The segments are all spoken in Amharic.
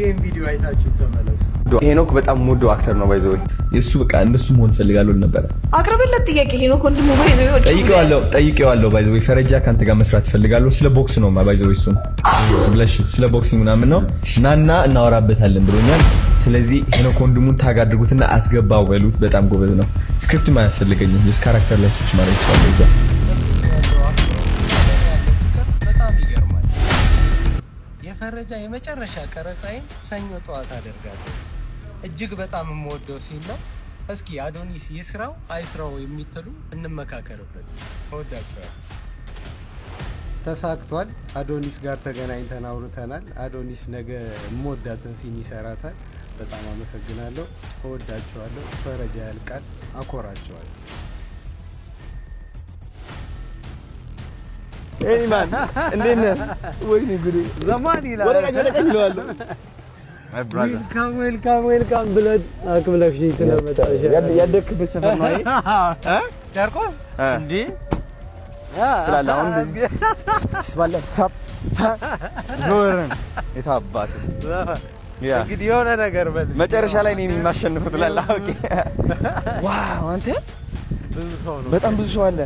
ይሄን ቪዲዮ አይታችሁ ተመለሱ። ሄኖክ በጣም ሙዶ አክተር ነው። ባይዘው የሱ በቃ እንደሱ መሆን ፈልጋለሁ ነበረ። አቅርብለት ጥያቄ። ሄኖክ ወንድሙ ባይዘው ይወድ ጠይቀዋለሁ፣ ጠይቀዋለሁ። ባይዘው ፈረጃ ካንተ ጋር መስራት ፈልጋለሁ። ስለ ቦክስ ነው ባይዘው እሱ ብለሽ ስለ ቦክሲንግ ምናምን ነው ናና እናወራበታለን ብሎኛል። ስለዚህ ሄኖክ ወንድሙን ታግ አድርጉትና አስገባው በሉት። በጣም ጎበዝ ነው። ስክሪፕት አያስፈልገኝም። ጀስት ካራክተር ላይ ስዊች ማድረግ ይችላል። በጣም የፈረጃ የመጨረሻ ቀረጻዬን ሰኞ ጠዋት አደርጋለሁ። እጅግ በጣም የምወደው ሲል ነው። እስኪ አዶኒስ ይስራው አይስራው የሚትሉ እንመካከርበት። ተወዳቸዋል። ተሳክቷል። አዶኒስ ጋር ተገናኝተን አውርተናል። አዶኒስ ነገ የምወዳትን ሲን ይሰራታል። በጣም አመሰግናለሁ። ተወዳቸዋለሁ። ፈረጃ ያልቃል። አኮራቸዋለሁ። ኤኒማን እንዴት ነህ? ወይኔ ጉዴ ዘማን ይላል። ወደ ቀኝ ወደ ቀኝ ይለዋል። ዌልካም ዌልካም ዌልካም ብለን አክብለሽ ስለመጣሽ ያደግክበት ሰፈር ነው እ ዳርቆስ እንዴ ስላለ አሁን እንደዚህ ስባለ ሳብ ዞርን የታባት እንግዲህ የሆነ ነገር በል መጨረሻ ላይ እኔን የማሸንፉ ትላለህ። አውቄ ዋው አንተ በጣም ብዙ ሰው አለ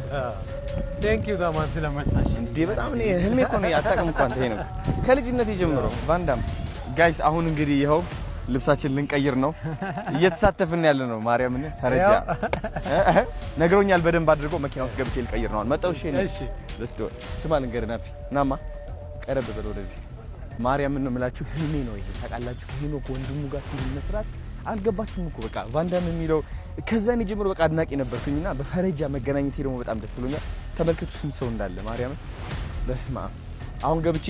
ቴንኪው ዳማን ስለመጣሽ እንዴ! በጣም እኔ ህልሜ እኮ ነው። አታውቅም እኮ ይሄ ነው ከልጅነት ጀምሮ ቫንዳም። ጋይስ አሁን እንግዲህ ይኸው ልብሳችን ልንቀይር ነው፣ እየተሳተፍን ያለ ነው። ማርያምን ፈረጃ ነግሮኛል በደንብ አድርጎ። መኪና ውስጥ ገብቼ ልቀይር ነው አሁን መጣሁ። እሺ እሺ፣ ለስዶ ስማ ልንገርህ፣ ናፊ ናማ ቀረብ በለው ወደዚህ። ማርያምን ነው የምላችሁ ህልሜ ነው ይሄ ታውቃላችሁ። ሄኖክ ወንድሙ ጋር ፊልም መስራት አልገባችሁም እኮ በቃ ቫንዳም የሚለው ከዛኔ ጀምሮ በቃ አድናቂ ነበርኩኝ እና በፈረጃ መገናኘቴ ደግሞ በጣም ደስ ብሎኛል። ተመልከቱ ስንት ሰው እንዳለ ማርያምን። በስመ አብ አሁን ገብቼ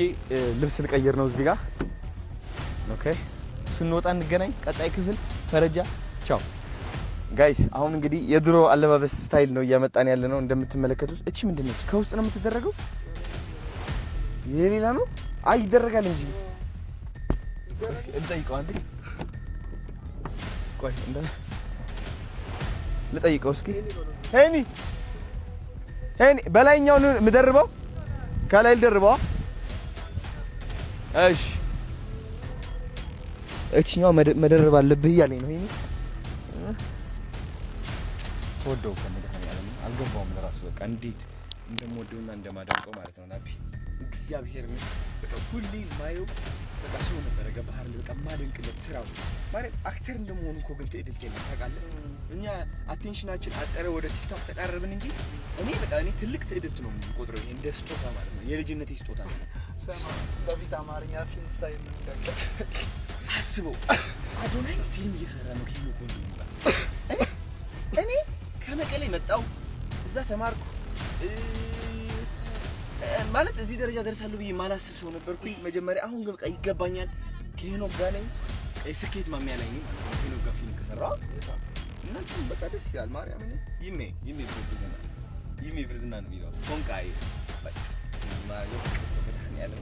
ልብስ ልቀይር ነው እዚህ ጋር። ኦኬ ስንወጣ እንገናኝ። ቀጣይ ክፍል ፈረጃ። ቻው ጋይስ። አሁን እንግዲህ የድሮ አለባበስ ስታይል ነው እያመጣን ያለ ነው እንደምትመለከቱት። እቺ ምንድን ነች? ከውስጥ ነው የምትደረገው? የሌላ ነው? አይ ይደረጋል እንጂ እንጠይቀው አንዴ ቆይ እንደ ልጠይቀው እስኪ ሄኒ ሄኒ በላይኛውን ምደርበው ከላይ ልደርበው። እሺ እችኛዋ መደረብ አለብህ እያለኝ ነው። ሄኒ ስወደው ከመድኃኒዓለም አልገባውም ለራሱ በቃ እንዴት እንደምወደውና እንደማደንቀው ማለት ነው። ናቢ እግዚአብሔር ሁሌ ማየው በቃ ሰው መደረገ ባህር ላይ በቃ ማደንቅለት ስራው ማለት አክተር እንደመሆኑ እኮ ግን ትዕድልት የለም ታውቃለህ። እኛ አቴንሽናችን አጠረ ወደ ቲክቶክ ተቃረብን እንጂ እኔ በቃ እኔ ትልቅ ትዕድልት ነው የምቆጥረው እንደ ስጦታ ማለት ነው፣ የልጅነት ስጦታ ነው። በፊት አማርኛ ፊልም ሳይ አስበው አዶናይ ፊልም እየሰራ ነው ክዮ ኮንዶ ይባል። እኔ ከመቀሌ መጣሁ፣ እዛ ተማርኩ ማለት እዚህ ደረጃ ደርሳለሁ ብዬ ማላስብ ሰው ነበርኩኝ መጀመሪያ። አሁን ግን በቃ ይገባኛል። ከሄኖክ ጋር ነኝ፣ ስኬት ማሚያ ላይ ነኝ። ከሄኖክ ጋር ፊልም ከሰራ እናንተም በቃ ደስ ይላል። ማርያም ይሜ ይሜ ብርዝና ይሜ ብርዝና ነው የሚለው ያለ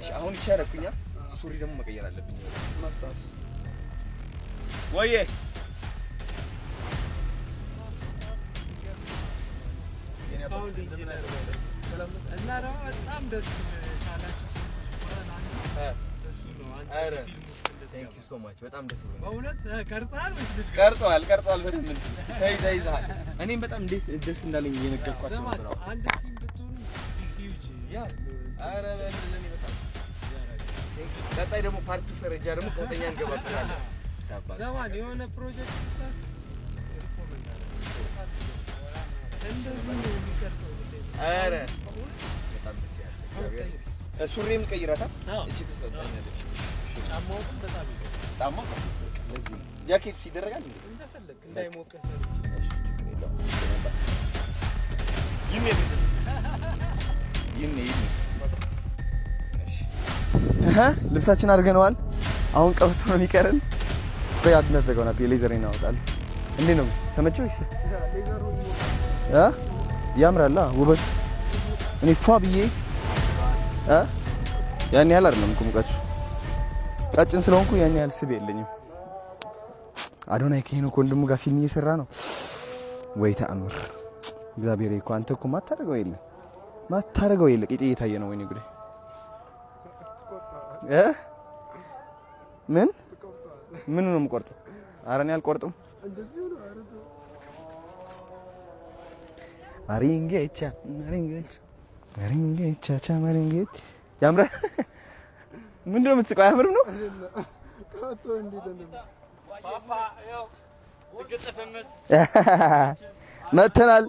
እሺ፣ አሁን ይቻለኩኛ። ሱሪ ደግሞ መቀየር አለብኝ ወይዬ እና ደግሞ በጣም ደስ በጣም ደስ ቀርጸዋል ቀርጸዋል እኔም በጣም እንዴት ደስ እንዳለኝ እየነገርኳቸው ነበር። አንድ ደግሞ ፓርቲ ደረጃ ደግሞ ከፍተኛ እንገባበታለን። የሆነ ፕሮጀክት እንደዚህ ነው የሚቀርጸው ኧረ በጣም ደስ ያለ ሱሪም ቀይራታል። እቺ ትሰጣኛለች። ጃኬቱ ይደረጋል ልብሳችን አድርገነዋል። አሁን ቀበቶ ነው የሚቀርን። ቆይ አድነዘገውና ሌዘር እናወጣለን። እንዴ ነው ተመቸው ይሰ ያምራላ ውበት። እኔ ፏ ብዬ ያን ያህል አይደለም ቁምቀቱ ቀጭን ስለሆንኩ ያን ያህል ስብ የለኝም። አዶናይ ከሄኖክ ወንድሙ ጋር ፊልም እየሰራ ነው ወይ ተአምር! እግዚአብሔር እኮ አንተ እኮ ማታደርገው የለ ማታደርገው የለ ቂጤ እየታየ ነው። ወይኔ ጉዴ! ምን ምን ነው የምቆርጠው? ኧረ እኔ አልቆርጥም። መሪንጌቻ ያምራ። ምንድን ነው የምትስቀው? አያምርም ነው መተናል።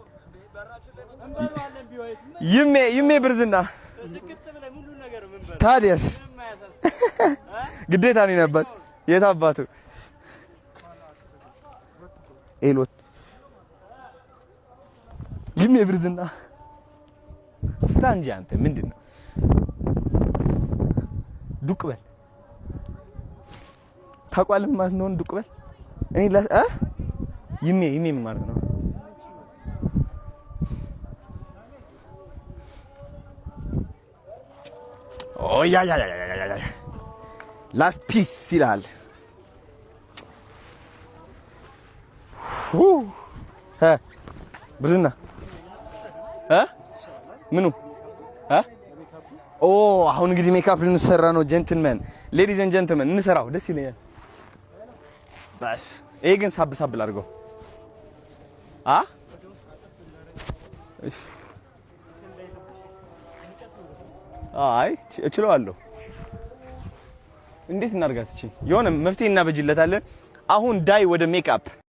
ይሜ ይሜ ብርዝና ታዲያስ ግዴታ ነው ነበር የታባቱ ኤሎት ቢም የብርዝና ፍታ እንጂ አንተ ምንድን ነው? ዱቅ በል ታቋልም ማለት ነው። ዱቅ በል እኔ ላ አ ይሜ ይሜ ማለት ነው። ኦ ያ ያ ያ ያ ላስት ፒስ ይላል። ብርዝና ምኑ? ኦ አሁን እንግዲህ ሜካፕ ልንሰራ ነው። ጀንትልመን ሌዲዝ ኤንድ ጀንትልመን እንሰራው ደስ ይለኛል። በስ ይሄ ግን ሳብ ሳብ ላድርገው። አ አይ እችለዋለሁ። እንዴት እናድርጋት? እቺ የሆነ መፍትሄ እናበጅለታለን። አሁን ዳይ ወደ ሜካፕ